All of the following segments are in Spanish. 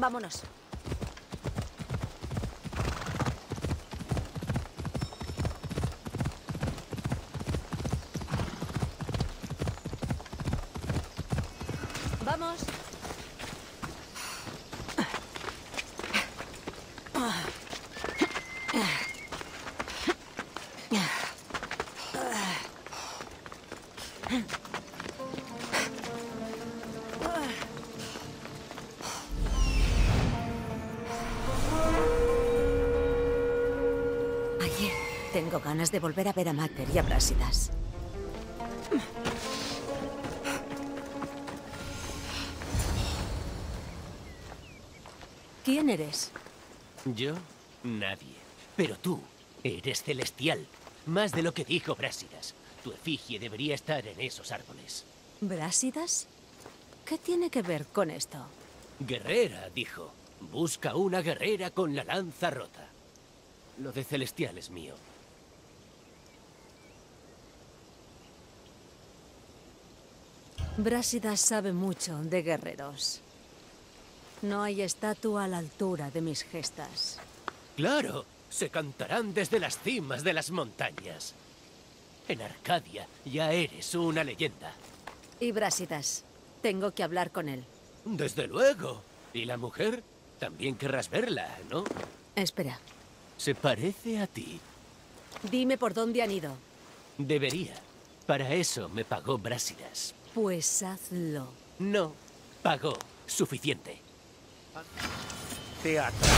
Vámonos. Tengo ganas de volver a ver a Mater y a Brásidas. ¿Quién eres? Yo, nadie. Pero tú, eres celestial. Más de lo que dijo Brásidas. Tu efigie debería estar en esos árboles. ¿Brásidas? ¿Qué tiene que ver con esto? Guerrera, dijo. Busca una guerrera con la lanza rota. Lo de celestial es mío. Brásidas sabe mucho de guerreros. No hay estatua a la altura de mis gestas. ¡Claro! Se cantarán desde las cimas de las montañas. En Arcadia ya eres una leyenda. Y Brásidas, tengo que hablar con él. Desde luego. ¿Y la mujer? También querrás verla, ¿no? Espera. Se parece a ti. Dime por dónde han ido. Debería. Para eso me pagó Brásidas, pues hazlo. No. Pagó. Suficiente. Teatro.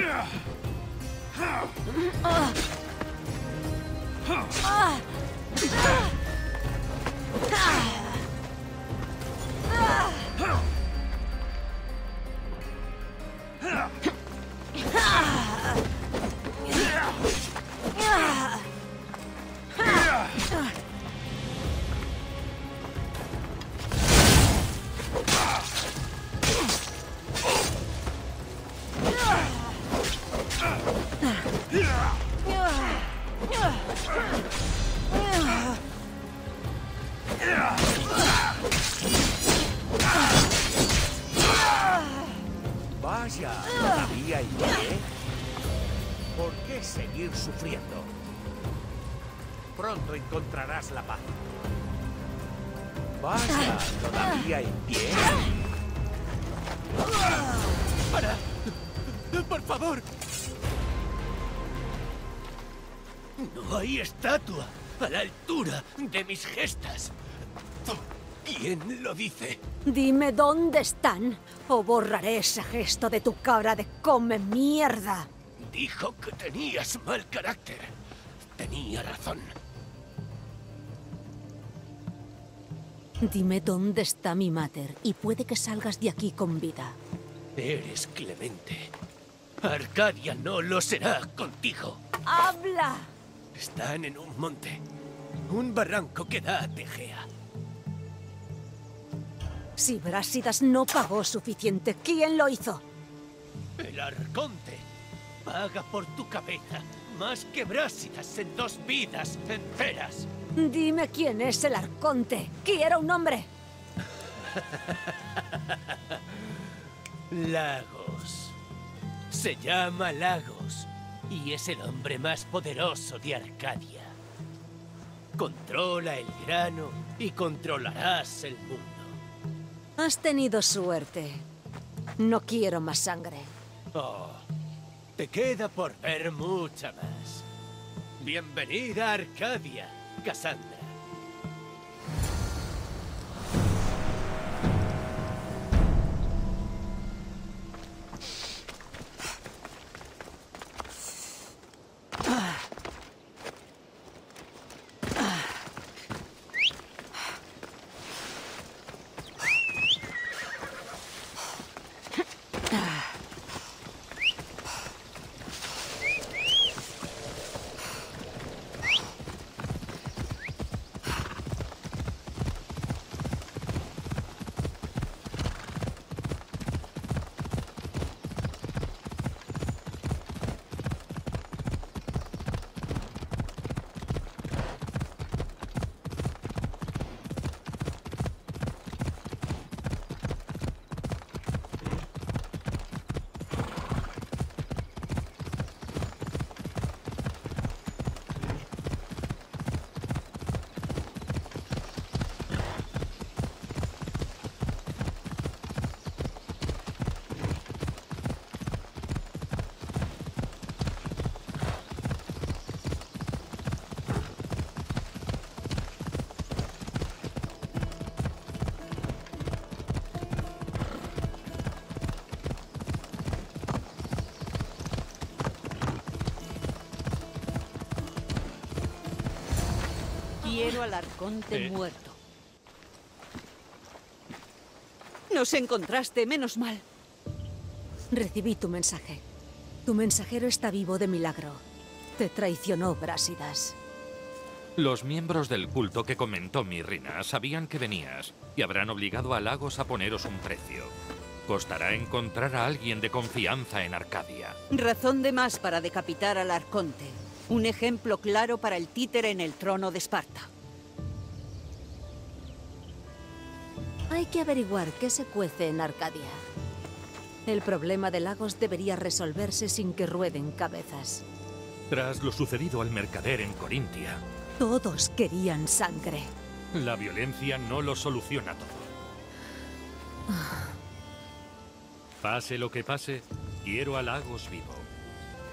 Ah! Vaya, todavía y pie ¿Por qué seguir sufriendo? Pronto encontrarás la paz. Vaya, todavía en pie. ¡Para! ¡Por favor! No hay estatua a la altura de mis gestas. ¿Quién lo dice? Dime dónde están o borraré ese gesto de tu cara de come mierda. Dijo que tenías mal carácter. Tenía razón. Dime dónde está mi mater y puede que salgas de aquí con vida. Eres clemente. Arcadia no lo será contigo. ¡Habla! Están en un monte. Un barranco que da a Tegea. Si Brásidas no pagó suficiente, ¿quién lo hizo? El Arconte. Paga por tu cabeza más que Brásidas en dos vidas enteras. Dime quién es el Arconte. Quiero un hombre. Lagos. Se llama Lagos y es el hombre más poderoso de Arcadia. Controla el grano y controlarás el mundo. Has tenido suerte. No quiero más sangre. Oh, te queda por ver mucha más. Bienvenida Arcadia, Casandra. al arconte muerto. Nos encontraste, menos mal. Recibí tu mensaje. Tu mensajero está vivo de milagro. Te traicionó, Brásidas. Los miembros del culto que comentó Mirrina sabían que venías y habrán obligado a Lagos a poneros un precio. Costará encontrar a alguien de confianza en Arcadia. Razón de más para decapitar al Arconte. Un ejemplo claro para el títere en el trono de Esparta. Hay que averiguar qué se cuece en Arcadia. El problema de Lagos debería resolverse sin que rueden cabezas. Tras lo sucedido al mercader en Corintia... Todos querían sangre. La violencia no lo soluciona todo. Pase lo que pase, quiero a Lagos vivo.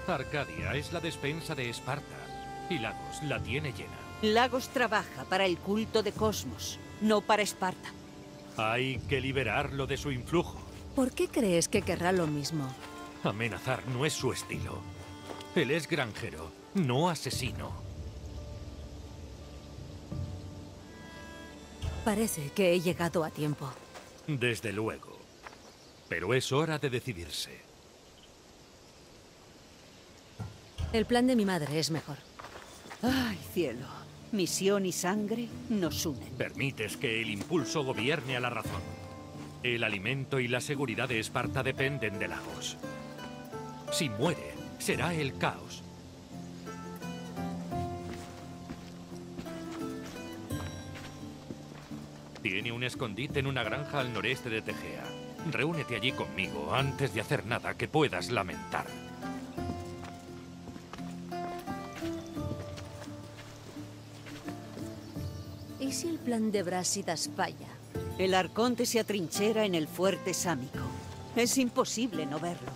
Arcadia es la despensa de Esparta y Lagos la tiene llena. Lagos trabaja para el culto de Cosmos, no para Esparta. Hay que liberarlo de su influjo. ¿Por qué crees que querrá lo mismo? Amenazar no es su estilo. Él es granjero, no asesino. Parece que he llegado a tiempo. Desde luego. Pero es hora de decidirse. El plan de mi madre es mejor. ¡Ay, cielo! Misión y sangre nos unen. Permites que el impulso gobierne a la razón. El alimento y la seguridad de Esparta dependen de Lagos. Si muere, será el caos. Tiene un escondite en una granja al noreste de Tegea. Reúnete allí conmigo antes de hacer nada que puedas lamentar. ¿Y si el plan de Brásidas falla? El Arconte se atrinchera en el fuerte sámico. Es imposible no verlo.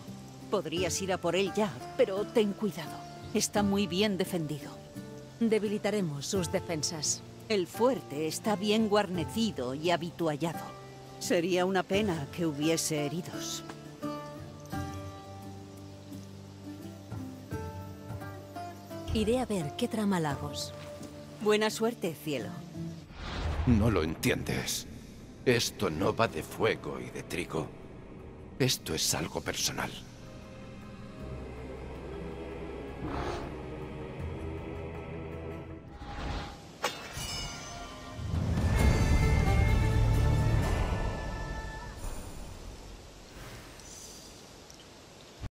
Podrías ir a por él ya, pero ten cuidado. Está muy bien defendido. Debilitaremos sus defensas. El fuerte está bien guarnecido y habituallado. Sería una pena que hubiese heridos. Iré a ver qué trama Lagos. Buena suerte, cielo. No lo entiendes. Esto no va de fuego y de trigo. Esto es algo personal.